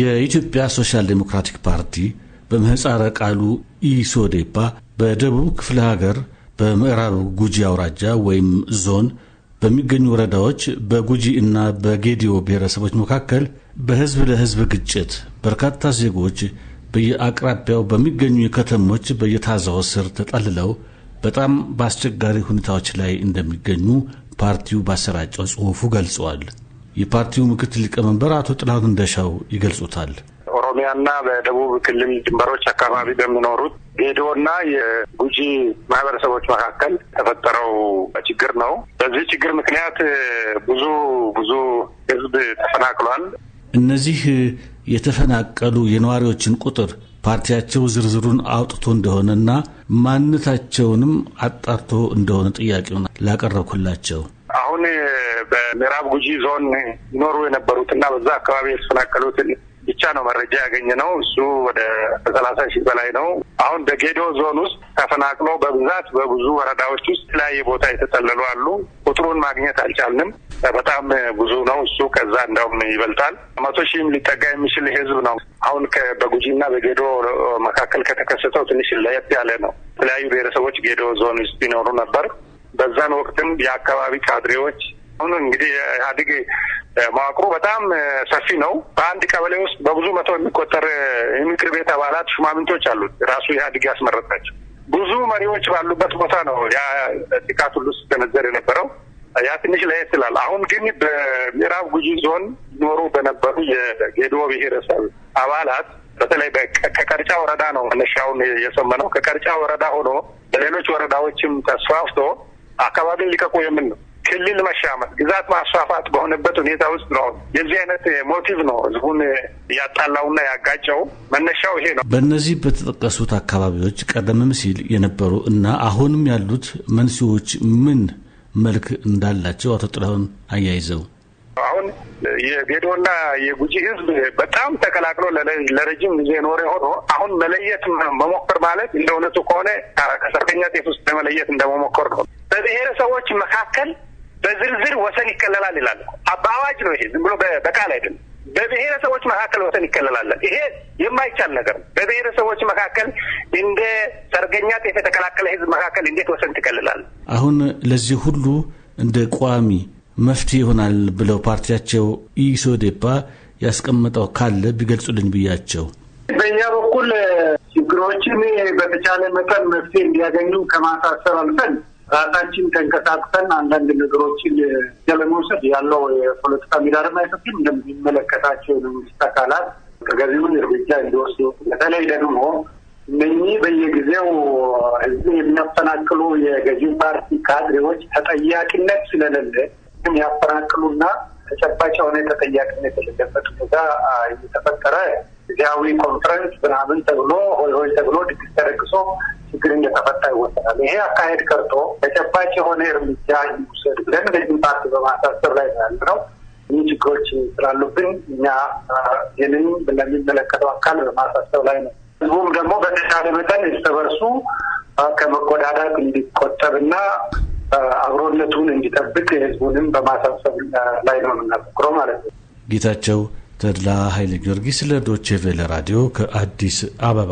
የኢትዮጵያ ሶሻል ዴሞክራቲክ ፓርቲ በምህፃረ ቃሉ ኢሶዴፓ በደቡብ ክፍለ ሀገር በምዕራብ ጉጂ አውራጃ ወይም ዞን በሚገኙ ወረዳዎች በጉጂ እና በጌዲዮ ብሔረሰቦች መካከል በህዝብ ለህዝብ ግጭት በርካታ ዜጎች በየአቅራቢያው በሚገኙ ከተሞች በየታዛው ስር ተጠልለው በጣም በአስቸጋሪ ሁኔታዎች ላይ እንደሚገኙ ፓርቲው ባሰራጨው ጽሑፉ ገልጸዋል። የፓርቲው ምክትል ሊቀመንበር አቶ ጥላሁን እንደሻው ይገልጹታል። ኦሮሚያና በደቡብ ክልል ድንበሮች አካባቢ በሚኖሩት ጌዲኦና የጉጂ ማህበረሰቦች መካከል የተፈጠረው ችግር ነው። በዚህ ችግር ምክንያት ብዙ ብዙ ህዝብ ተፈናቅሏል። እነዚህ የተፈናቀሉ የነዋሪዎችን ቁጥር ፓርቲያቸው ዝርዝሩን አውጥቶ እንደሆነና ማንነታቸውንም አጣርቶ እንደሆነ ጥያቄውን ላቀረብኩላቸው አሁን በምዕራብ ጉጂ ዞን ይኖሩ የነበሩት እና በዛ አካባቢ የተፈናቀሉትን ብቻ ነው መረጃ ያገኘ ነው። እሱ ወደ ሰላሳ ሺህ በላይ ነው። አሁን በጌዶ ዞን ውስጥ ተፈናቅሎ በብዛት በብዙ ወረዳዎች ውስጥ የተለያየ ቦታ የተጠለሉ አሉ። ቁጥሩን ማግኘት አልቻልንም። በጣም ብዙ ነው። እሱ ከዛ እንደውም ይበልጣል። መቶ ሺህም ሊጠጋ የሚችል ህዝብ ነው። አሁን በጉጂና በጌዶ መካከል ከተከሰተው ትንሽ ለየት ያለ ነው። የተለያዩ ብሔረሰቦች ጌዶ ዞን ውስጥ ይኖሩ ነበር። በዛን ወቅትም የአካባቢ ካድሬዎች አሁን እንግዲህ ኢህአዴግ መዋቅሩ በጣም ሰፊ ነው። በአንድ ቀበሌ ውስጥ በብዙ መቶ የሚቆጠር የምክር ቤት አባላት ሹማምንቶች አሉት። ራሱ ኢህአዴግ ያስመረጣቸው ብዙ መሪዎች ባሉበት ቦታ ነው ያ ጥቃት ሁሉ ሲሰነዘር የነበረው። ያ ትንሽ ለየት ይላል። አሁን ግን በምዕራብ ጉጂ ዞን ኖሩ በነበሩ የጌዶ ብሔረሰብ አባላት በተለይ ከቀርጫ ወረዳ ነው መነሻውን የሰመነው። ከቀርጫ ወረዳ ሆኖ በሌሎች ወረዳዎችም ተስፋፍቶ አካባቢን ሊቀቁ የምን ነው ክልል መሻመት፣ ግዛት ማስፋፋት በሆነበት ሁኔታ ውስጥ ነው። የዚህ አይነት ሞቲቭ ነው ህዝቡን ያጣላውና ያጋጨው። መነሻው ይሄ ነው። በእነዚህ በተጠቀሱት አካባቢዎች ቀደምም ሲል የነበሩ እና አሁንም ያሉት መንስኤዎች ምን መልክ እንዳላቸው አቶ ጥላሁን አያይዘው አሁን የቤዶና የጉጂ ህዝብ በጣም ተቀላቅሎ ለረጅም ጊዜ ኖረ ሆኖ አሁን መለየት መሞከር ማለት እንደ እውነቱ ከሆነ ከሰርተኛ ጤፍ ውስጥ ለመለየት እንደመሞከር ነው። በብሔረሰቦች መካከል በዝርዝር ወሰን ይከለላል ይላል። በአዋጅ ነው ይሄ፣ ዝም ብሎ በቃል አይደለም። በብሔረሰቦች መካከል ወሰን ይከለላለን። ይሄ የማይቻል ነገር ነው። በብሔረሰቦች መካከል እንደ ሰርገኛ ጤፍ የተቀላቀለ ህዝብ መካከል እንዴት ወሰን ትከልላል? አሁን ለዚህ ሁሉ እንደ ቋሚ መፍትሄ ይሆናል ብለው ፓርቲያቸው ኢሶዴፓ ያስቀመጠው ካለ ቢገልጹልኝ ብያቸው በእኛ በኩል ችግሮችን በተቻለ መጠን መፍትሄ እንዲያገኙ ከማሳሰብ አልፈን ራሳችን ተንቀሳቅሰን አንዳንድ ነገሮችን ለመውሰድ ያለው የፖለቲካ ምህዳርም አይሰጥም። እንደሚመለከታቸው የመንግስት አካላት ተገቢውን እርምጃ እንዲወስዱ በተለይ ደግሞ እነኚህ በየጊዜው ህዝብ የሚያፈናቅሉ የገዢ ፓርቲ ካድሬዎች ተጠያቂነት ስለሌለ ያፈናቅሉና ተጨባጭ የሆነ ተጠያቂነት የሌለበት ሁኔታ እየተፈጠረ ጊዜያዊ ኮንፈረንስ ምናምን ተብሎ ሆይ ሆይ ተብሎ ድግስ ተደግሶ ችግር እንደተፈታ ይወሰናል። ይሄ አካሄድ ቀርቶ ተጨባጭ የሆነ እርምጃ ይውሰድ ብለን በዚህም ፓርቲ በማሳሰብ ላይ ያለ ነው። ይህ ችግሮች ስላሉብን እኛ ይህንን ለሚመለከተው አካል በማሳሰብ ላይ ነው። ህዝቡም ደግሞ በተሻለ መጠን እስተበርሱ ከመጎዳዳት እንዲቆጠብና አብሮነቱን እንዲጠብቅ ህዝቡንም በማሳሰብ ላይ ነው የምናተኩረው ማለት ነው። ጌታቸው ተድላ ኃይለ ጊዮርጊስ ለዶቼቬለ ራዲዮ ከአዲስ አበባ